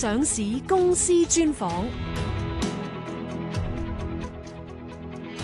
上市公司專訪：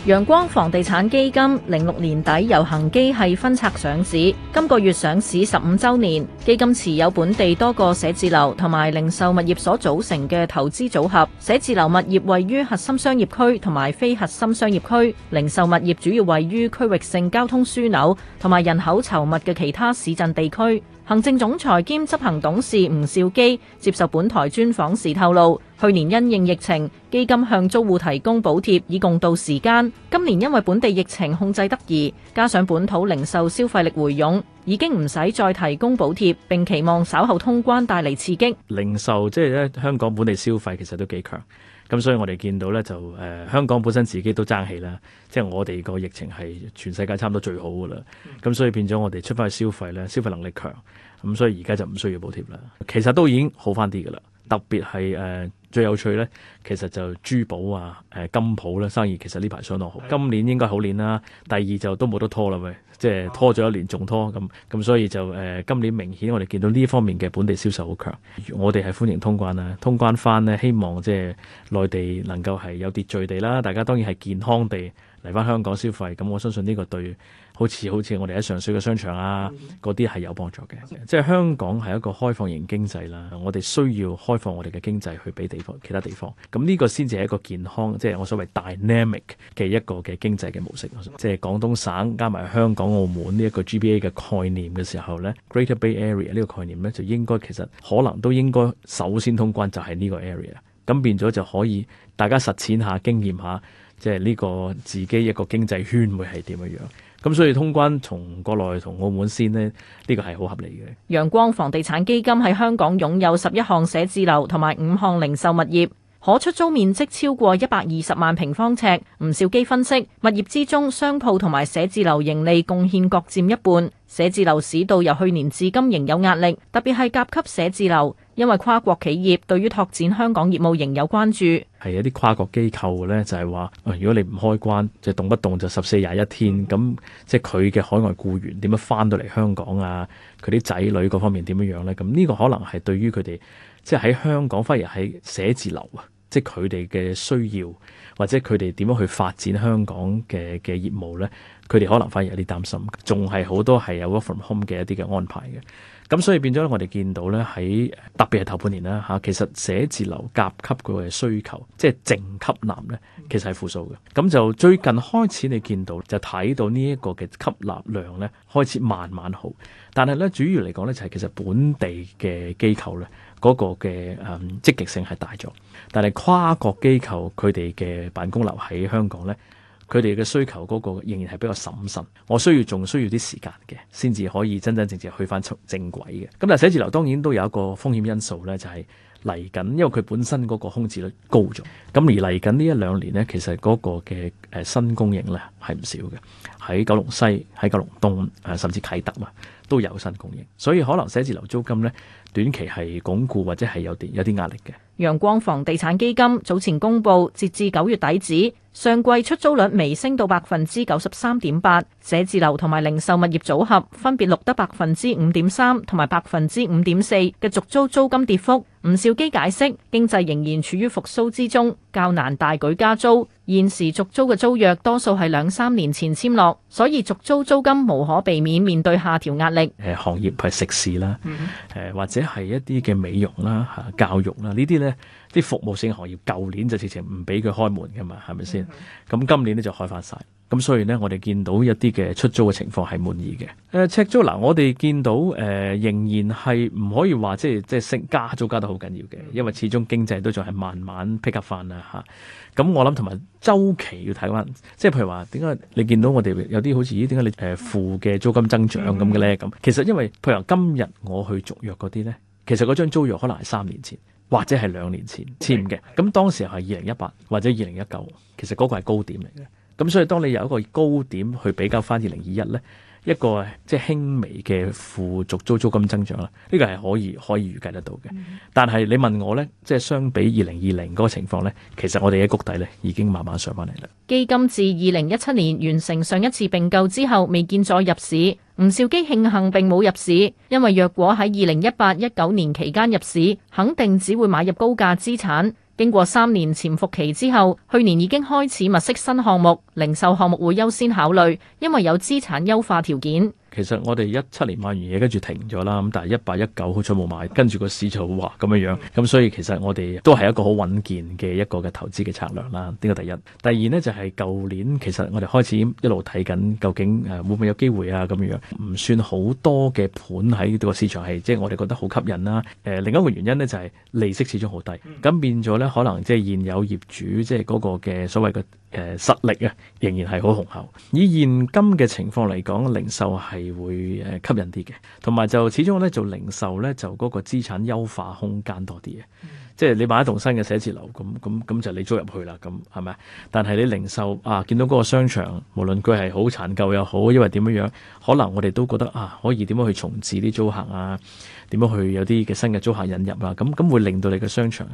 陽光房地產基金零六年底由恒基系分拆上市，今個月上市十五周年。基金持有本地多個寫字樓同埋零售物業所組成嘅投資組合。寫字樓物業位於核心商業區同埋非核心商業區，零售物業主要位於區域性交通樞紐同埋人口稠密嘅其他市鎮地區。行政總裁兼執行董事吳兆基接受本台專訪時透露，去年因應疫情，基金向租戶提供補貼以共渡時艱。今年因為本地疫情控制得宜，加上本土零售消費力回勇，已經唔使再提供補貼，並期望稍後通關帶嚟刺激。零售即係香港本地消費其實都幾強。咁所以我哋見到咧就誒、呃、香港本身自己都爭氣啦，即係我哋個疫情係全世界差唔多最好嘅啦。咁、嗯、所以變咗我哋出翻去消費咧，消費能力強，咁所以而家就唔需要補貼啦。其實都已經好翻啲嘅啦，特別係誒、呃、最有趣咧，其實就珠寶啊、誒、呃、金鋪咧、啊、生意其實呢排相當好，的今年應該好年啦。第二就都冇得拖啦噃。喂即係拖咗一年仲拖咁咁，所以就誒、呃、今年明顯我哋見到呢方面嘅本地銷售好強，我哋係歡迎通關啦，通關翻呢，希望即係內地能夠係有秩序地啦，大家當然係健康地。嚟翻香港消費，咁我相信呢個對好似好似我哋喺上水嘅商場啊，嗰啲係有幫助嘅。即係香港係一個開放型經濟啦，我哋需要開放我哋嘅經濟去俾地方其他地方，咁呢個先至係一個健康，即係我所謂 dynamic 嘅一個嘅經濟嘅模式。即係廣東省加埋香港澳門呢一個 GBA 嘅概念嘅時候呢，Greater Bay Area 呢個概念呢，就應該其實可能都應該首先通關就係呢個 area，咁變咗就可以大家實踐下經驗下。即係呢個自己一個經濟圈會係點樣樣？咁所以通關從國內同澳門先呢，呢個係好合理嘅。陽光房地產基金喺香港擁有十一項寫字樓同埋五項零售物業。可出租面積超過一百二十萬平方尺。吳兆基分析，物業之中商鋪同埋寫字樓盈利貢獻各佔一半。寫字樓市道由去年至今仍有壓力，特別係甲級寫字樓，因為跨國企業對於拓展香港業務仍有關注。係一啲跨國機構呢，就係話，如果你唔開關，就動不動就十四廿一天，咁即係佢嘅海外僱員點樣翻到嚟香港啊？佢啲仔女嗰方面點樣樣呢？咁呢個可能係對於佢哋即係喺香港反而喺寫字樓啊。即係佢哋嘅需要，或者佢哋點樣去發展香港嘅嘅業務咧？佢哋可能反而有啲擔心，仲係好多係有 work from home 嘅一啲嘅安排嘅，咁所以變咗咧，我哋見到咧喺特別係頭半年啦嚇，其實寫字樓甲級佢嘅需求，即係淨吸納咧，其實係負數嘅。咁就最近開始你見到就睇到呢一個嘅吸納量咧，開始慢慢好。但係咧，主要嚟講咧就係其實本地嘅機構咧嗰、那個嘅誒積極性係大咗，但係跨國機構佢哋嘅辦公樓喺香港咧。佢哋嘅需求嗰個仍然係比較審慎，我需要仲需要啲時間嘅，先至可以真真正正去翻出正軌嘅。咁但係寫字樓當然都有一個風險因素咧，就係、是。嚟緊，因為佢本身嗰個空置率高咗，咁而嚟緊呢一兩年呢，其實嗰個嘅誒新供應呢係唔少嘅，喺九龍西、喺九龍東啊，甚至啟德嘛都有新供應，所以可能寫字樓租金呢短期係鞏固或者係有啲有啲壓力嘅。陽光房地產基金早前公布，截至九月底止，上季出租率微升到百分之九十三點八，寫字樓同埋零售物業組合分別錄得百分之五點三同埋百分之五點四嘅續租租金跌幅。吳兆基解釋，經濟仍然處於復蘇之中，較難大舉加租。現時續租嘅租約多數係兩三年前簽落，所以續租租金無可避免面對下調壓力。誒，行業係食肆啦，誒、嗯、或者係一啲嘅美容啦、吓教育啦，呢啲呢啲服務性行業舊年就直情唔俾佢開門噶嘛，係咪先？咁、嗯、今年呢就開返晒。咁所以咧，我哋見到一啲嘅出租嘅情況係滿意嘅。誒、呃，赤租嗱、呃，我哋見到誒、呃，仍然係唔可以話、呃、即係即係升加租加得好緊要嘅，因為始終經濟都仲係慢慢 pick up 翻啦嚇。咁我諗同埋周期要睇翻，即係譬如話點解你見到我哋有啲好似咦點解你誒負嘅租金增長咁嘅咧？咁其實因為譬如今日我去續約嗰啲咧，其實嗰張租約可能係三年前或者係兩年前簽嘅，咁當時係二零一八或者二零一九，其實嗰個係高點嚟嘅。咁所以，當你有一個高點去比較翻二零二一呢一個即係輕微嘅附屬租租金增長啦，呢個係可以可以預計得到嘅。但係你問我呢，即係相比二零二零嗰個情況呢，其實我哋嘅谷底呢已經慢慢上翻嚟啦。基金自二零一七年完成上一次併購之後，未見再入市。吳兆基慶幸並冇入市，因為若果喺二零一八一九年期間入市，肯定只會買入高價資產。經過三年潛伏期之後，去年已經開始物色新項目，零售項目會優先考慮，因為有資產優化條件。其實我哋一七年買完嘢，跟住停咗啦。咁但係一八一九好彩冇買，跟住個市場就嘩咁樣樣。咁所以其實我哋都係一個好穩健嘅一個嘅投資嘅策略啦。呢個第一。第二呢，就係舊年，其實我哋開始一路睇緊，究竟，誒、呃、會唔會有機會啊？咁樣唔算好多嘅盤喺呢個市場係，即係我哋覺得好吸引啦。誒、呃，另一個原因呢，就係、是、利息始終好低，咁變咗呢，可能即係現有業主即係嗰個嘅所謂嘅。誒實力啊，仍然係好雄厚。以現今嘅情況嚟講，零售係會誒吸引啲嘅，同埋就始終咧做零售咧，就嗰個資產優化空間多啲嘅。嗯即係你買一棟新嘅寫字樓，咁咁咁就你租入去啦，咁係咪？但係你零售啊，見到嗰個商場，無論佢係好殘舊又好，因為點樣樣，可能我哋都覺得啊，可以點樣去重置啲租客啊，點樣去有啲嘅新嘅租客引入啊，咁咁會令到你嘅商場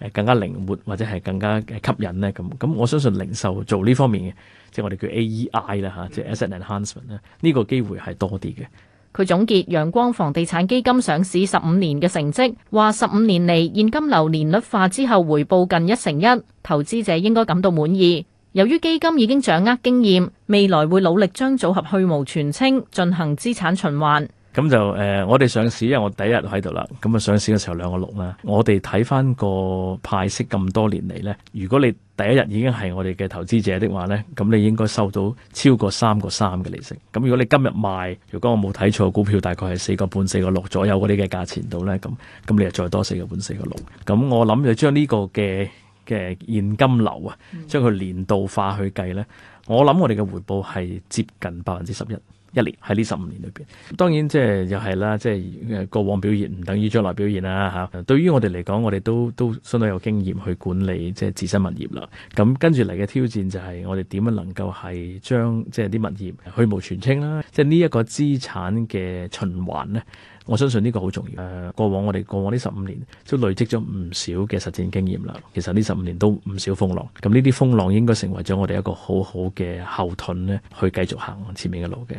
誒更加靈活或者係更加吸引咧。咁咁我相信零售做呢方面嘅，即係我哋叫 A E I 啦、啊，嚇、就，是、即係 asset enhancement 咧，呢個機會係多啲嘅。佢總結陽光房地產基金上市十五年嘅成績，話十五年嚟現金流年率化之後回報近一成一，投資者應該感到滿意。由於基金已經掌握經驗，未來會努力將組合去蕪存菁，進行資產循環。咁就誒、呃，我哋上市，因為我第一日喺度啦。咁啊，上市嘅時候兩個六啦。我哋睇翻個派息咁多年嚟咧，如果你第一日已經係我哋嘅投資者的話咧，咁你應該收到超過三個三嘅利息。咁如果你今日賣，如果我冇睇錯，股票大概係四個半四個六左右嗰啲嘅價錢度咧，咁咁你就再多四個半四個六。咁我諗就將呢個嘅嘅現金流啊，將佢、嗯、年度化去計咧，我諗我哋嘅回報係接近百分之十一。一年喺呢十五年裏邊，當然即係又係啦，即係過往表現唔等於將來表現啦嚇。對於我哋嚟講，我哋都都相當有經驗去管理即係自身物業啦。咁跟住嚟嘅挑戰就係我哋點樣能夠係將即係啲物業去無全清啦，即係呢一個資產嘅循環咧。我相信呢個好重要。誒、呃，過往我哋過往呢十五年都累積咗唔少嘅實戰經驗啦。其實呢十五年都唔少風浪，咁呢啲風浪應該成為咗我哋一個好好嘅後盾呢，去繼續行前面嘅路嘅。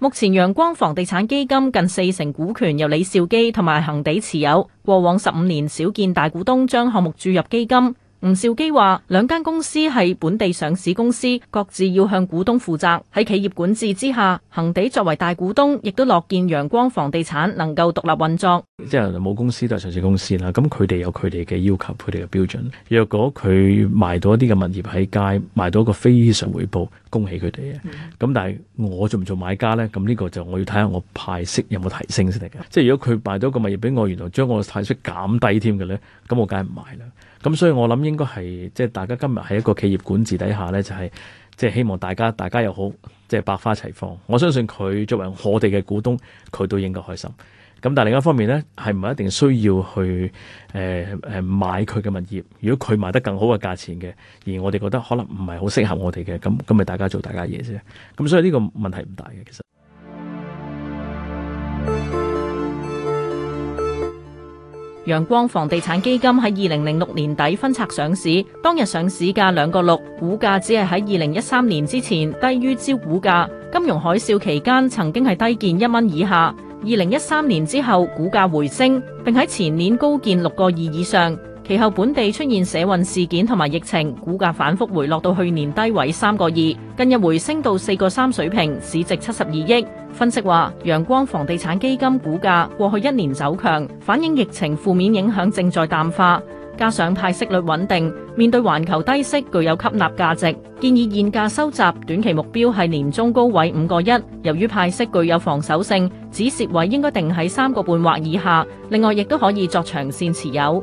目前陽光房地產基金近四成股權由李兆基同埋恒地持有，過往十五年少見大股東將項目注入基金。吳兆基話：兩間公司係本地上市公司，各自要向股東負責。喺企業管治之下，恒地作為大股東，亦都樂見陽光房地產能夠獨立運作。即係冇公司都係上市公司啦。咁佢哋有佢哋嘅要求，佢哋嘅標準。若果佢賣到一啲嘅物業喺街，賣到一個非常回報，恭喜佢哋啊！咁、嗯、但係我做唔做買家呢？咁呢個就我要睇下我派息有冇提升先得噶。即係如果佢賣到一個物業俾我，原來將我嘅派息減低添嘅呢？咁我梗係唔買啦。咁所以我諗應該係即係大家今日喺一個企業管治底下咧，就係即係希望大家大家又好即係、就是、百花齊放。我相信佢作為我哋嘅股東，佢都應該開心。咁但係另一方面咧，係唔係一定需要去誒誒、呃、買佢嘅物業？如果佢賣得更好嘅價錢嘅，而我哋覺得可能唔係好適合我哋嘅，咁咁咪大家做大家嘢啫。咁所以呢個問題唔大嘅，其實。陽光房地產基金喺二零零六年底分拆上市，當日上市價兩個六，股價只係喺二零一三年之前低於招股價。金融海嘯期間曾經係低見一蚊以下，二零一三年之後股價回升，並喺前年高見六個二以上。其後，本地出現社運事件同埋疫情，股價反覆回落到去年低位三個二，近日回升到四個三水平，市值七十二億。分析話，陽光房地產基金股價過去一年走強，反映疫情負面影響正在淡化，加上派息率穩定，面對環球低息具有吸納價值。建議現價收集，短期目標係年中高位五個一。由於派息具有防守性，止蝕位應該定喺三個半或以下。另外，亦都可以作長線持有。